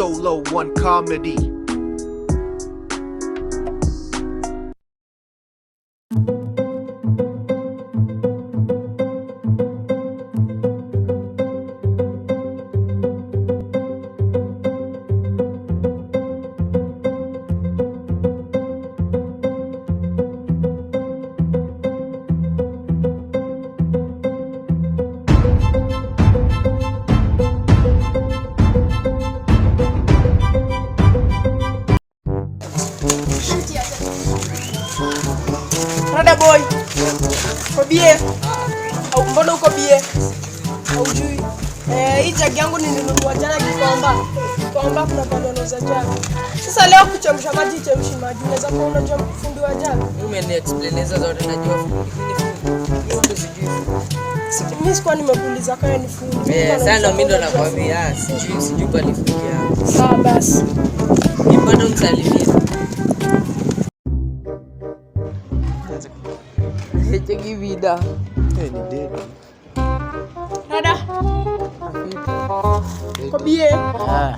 solo one comedy. huko bie, haujui eh. Hii jagi yangu nilinunua jana Kikomba. Kikomba kuna pande wanauza jagi. Sasa leo kuchemsha maji, chemshi maji. Unaweza kuwa unajua fundi wa jagi. Mimi explaineza zote najua mimi sikuwa nimekuuliza kama ni fundi. Eh, sana mimi ndo nakwambia ah, sijui sijui kwa ni fundi Sawa basi. Ni bado msalimie. Cheki vida. Hey, eh, ni dedi. Kobie, ah.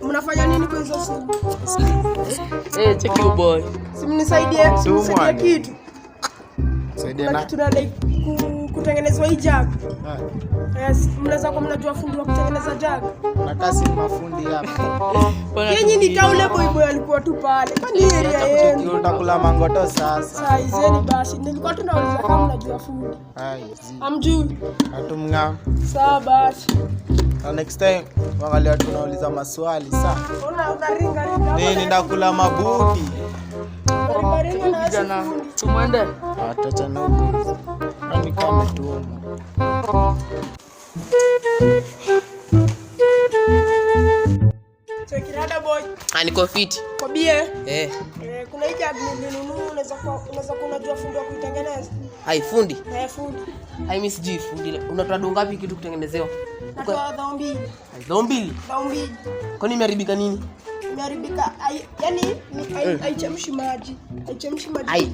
mnafanya nini kwa hizo simu? Eh, eh cheki boy. Simu nisaidie, simu na. kitu kutengenezwa hii jag. Yes, mnaweza kuwa mnajua fundi wa kutengeneza jag. Na kasi mafundi hapa. Yenye ni kaule boy boy alikuwa tu pale. Kwani area yenu. Tutakula mangoto sasa. Sasa izeni basi. Nilikuwa tu naweza kama mnajua fundi. Hai. Amjui. Atumnga. Sawa basi. Na next time wangalia tunauliza maswali sasa. Una unaringa ringa. Mimi ninakula mabudi. Ringa ringa na. Tumwende. Ah, huko. Yaani kama ah, niko fit. Kwa bie. Eh. Eh, kuna hiki admin unaweza kwa unaweza kuna jua fundi wa kuitengeneza. Hai fundi. Eh, fundi. Hai miss G fundi. Unatoa donga ngapi kitu kutengenezewa? Natoa dhao mbili. Hai dhao mbili. Dhao mbili. Kwani imeharibika nini? Imeharibika. Yaani eh. haichemshi maji. Haichemshi maji. Hai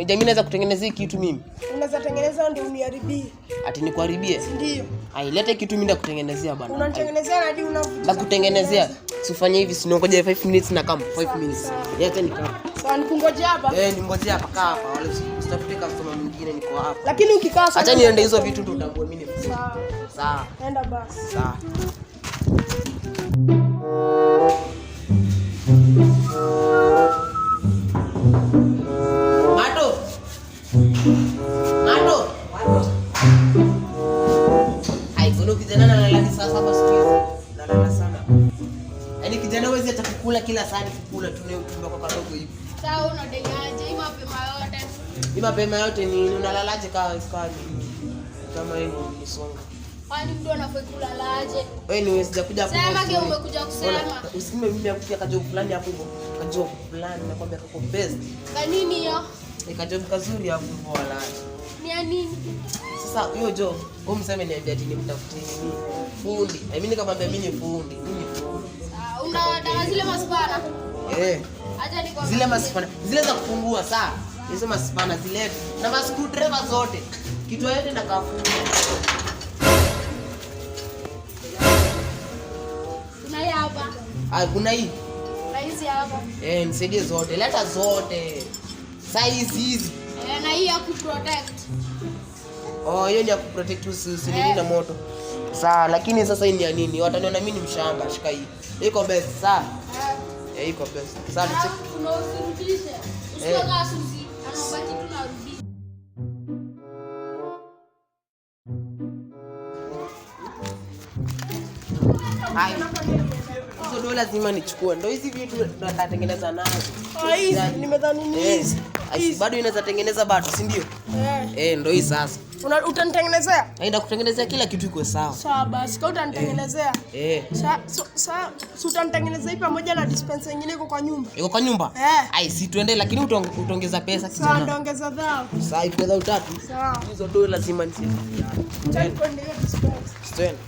Benjamin naweza kutengeneza hii kitu mimi. Unaweza tengeneza ndio uniharibie. Ati nikuharibie? Ndio. Ailete kitu mimi nakutengenezea bwana. Unanitengenezea na hadi unavuta. Ndakutengenezea. Usifanye hivi, si ngoja 5 minutes na kama 5 minutes. Yote ni kama. Sawa, nikungojea hapa. Eh, ningoje hapa kaa hapa. Wale usitafute customer mwingine niko hapa. Lakini ukikaa sasa. Acha niende hizo vitu tu ndio mimi. Sawa. Sawa. Enda basi. Sawa. kila sahani kukula tunayotumba kwa kadogo hivi. Sawa, unadengaje hii mapema yote? Hii mapema yote ni unalalaje kawa sikani? Kama hivi ni nisonga. Kwani mtu anafai kulalaje? Wewe ni uweza kuja kusema. Sema kile umekuja kusema. Usime mimi akupia kajob fulani hapo hivyo. Kajob fulani nakwambia kako best. Kwa nini hiyo? Ni eh, kajob kazuri hapo hivyo walaje. Ni ya nini? Sasa hiyo jo, wewe mseme niambia tini nimtafutie Fundi. I mean nikamwambia mimi ni fundi. Mimi ni fundi. Ah, una zile maspana. Eh. Acha niko. Zile maspana. Zile za kufungua saa. Hizo maspana zile na ma screwdriver zote. Kitu yote na kafungua. Kuna hii hapa. Ah, kuna hii. Na hizi hapa. Eh, nisaidie zote. Leta zote. Size hizi. Eh, na hii ya kuprotect. Oh, hiyo ni ya kuprotect usilinda eh. moto saa lakini sasa hii ni ya nini? Wataniona mimi ni mshamba, shika hii. Iko best, saa Eh, iko best. Sawa, eh, eh. Hizo dola lazima nichukue. Ndio hizi vitu tunatengeneza nazo. Ah, yaani. eh. Bado inaweza tengeneza bado, si ndio? Eh, ndio hii sasa. Una utanitengenezea? Naenda kutengenezea kila kitu iko sawa. Sawa basi, kwa utanitengenezea. Eh. Sasa eh. sasa utanitengenezea ipi pamoja na dispenser nyingine iko kwa nyumba? Iko kwa nyumba? Eh. Ai, si tuende lakini utaongeza pesa kidogo. Sawa, ndaongeza dhao. Sawa, ipo dhao tatu. Sawa. Hizo dola lazima nisifanye. Tutaenda kwa dispenser. Tutaenda.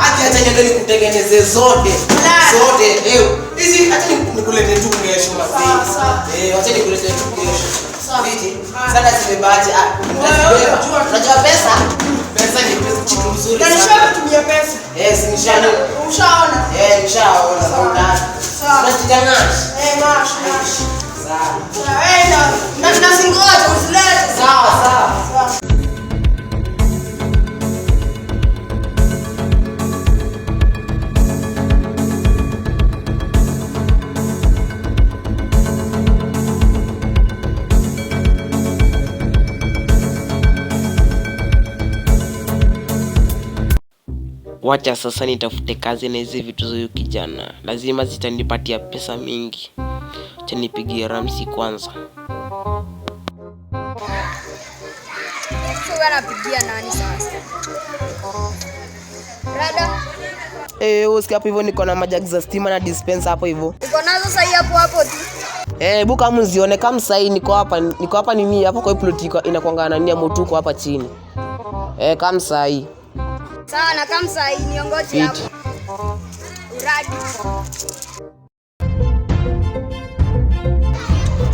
Acha nikutengeneze zote zote, hizi acha nikulete tu kesho. Eh, acha nikulete tu kesho. Sana zimebaki, ah, unajua pesa Pesa ni kitu mzuri sana. Nishatumia pesa. Yes, eh, nishaona. Ushaona? Eh, nishaona. Sawa. Tunatikana. Eh, mash, mash. Sawa. Tunaenda. Eh, na tunasingoja usilete. Sawa, sawa. Sawa. wacha sasa nitafute kazi na hizi vitu za kijana, lazima zitanipatia pesa mingi. Acha nipigie Ramsi kwanza. Anapigia nani sasa? Eh, usikia hapo hivyo niko na majagi za stima na dispenser hapo hivyo. Niko nazo sasa hapo hapo tu. Eh, hebu kama uzione kama sasa niko hapa niko hapa nini hapo kwa hiyo plot inakuangana nini ya motuko hapa chini. Eh, kama sasa Sawa na Kamsa niongozi hapo. Uradi.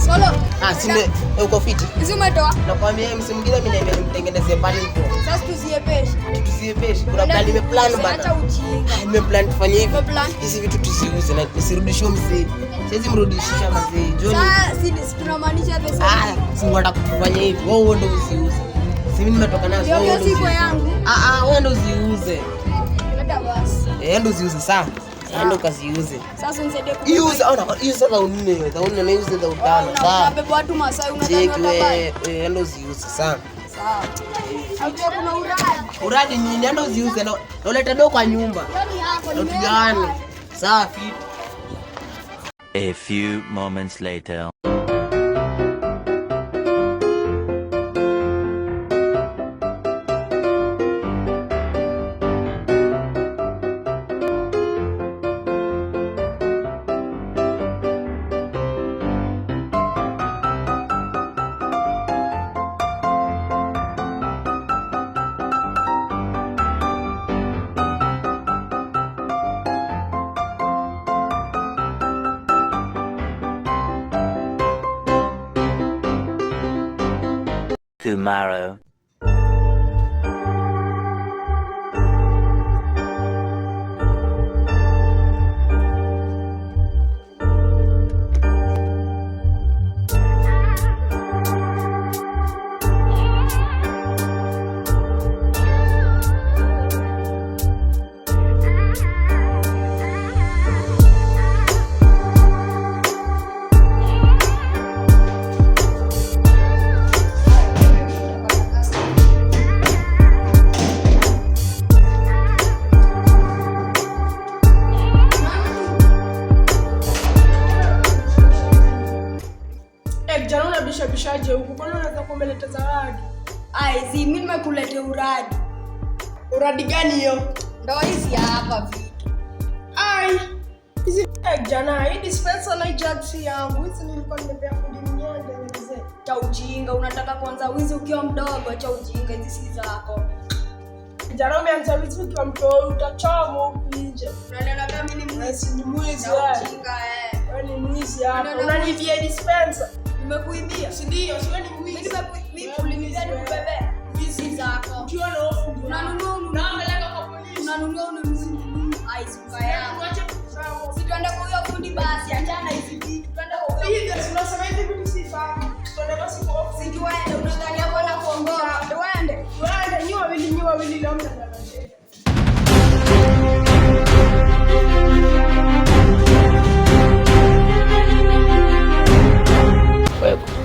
Solo. Ah, sime eh, uko fiti. Zimetoa. Nakwambia msi mwingine mimi naambia nimtengeneze pale mpo. Sasa tuziepeshe. Tuziepeshe. Kuna bali Kuna plan imeplan bana. Acha ujinga. Ah, plan tufanye hivi. Hizi vitu tuziuze na usirudishie mzee. Siwezi mrudishia mzee. Johnny. Sasa si tunamaanisha pesa. Ah, si unataka kufanya hivi. Wewe ndio usiuze si mimi nimetoka nazo. Ah, ah, wewe ndo ziuze, ndo ziuze saa ndo kaziuze ndo ziuze saa uradi nyinyi ndo ziuze na uleta oh, do kwa nyumba na tugawane. Safi. A few moments later. tomorrow nje huku, kwani unaweza kuwa umeleta zawadi? Aizi, mimi nimekulete uradi. Uradi gani hiyo? Ndo hizi hapa vitu. Ai, hizi jana, hii dispenser na yangu hizi nilikuwa nimepea mnyonge mzee. Cha ujinga, unataka kuanza wizi ukiwa mdogo? Cha ujinga, hizi si zako. Jana umeanza wizi ukiwa mtoto, nje. Unaniona kama mimi ni mwizi? Ni mwizi eh. wewe. Ni mwizi dispenser. Nimekuibia. Si ndio? Sio ni mwizi. Mimi ni nikubebea. Mwizi zako. Ukiwa na hofu unanunua unanunua. Naangalia kwa polisi. Unanunua unanunua. Aizi mbaya. Tuache kutrauma. Sitaenda kwa huyo fundi basi. Achana hizi vitu. Tunaenda kwa huyo. Hii ndio unasema hivi vitu sifahamu. Tunaenda basi kwa ofisi. Sikiwaende unadhania bwana kuongoa. Tuende. Tuende. Nyua wili nyua wili leo mtazamaji.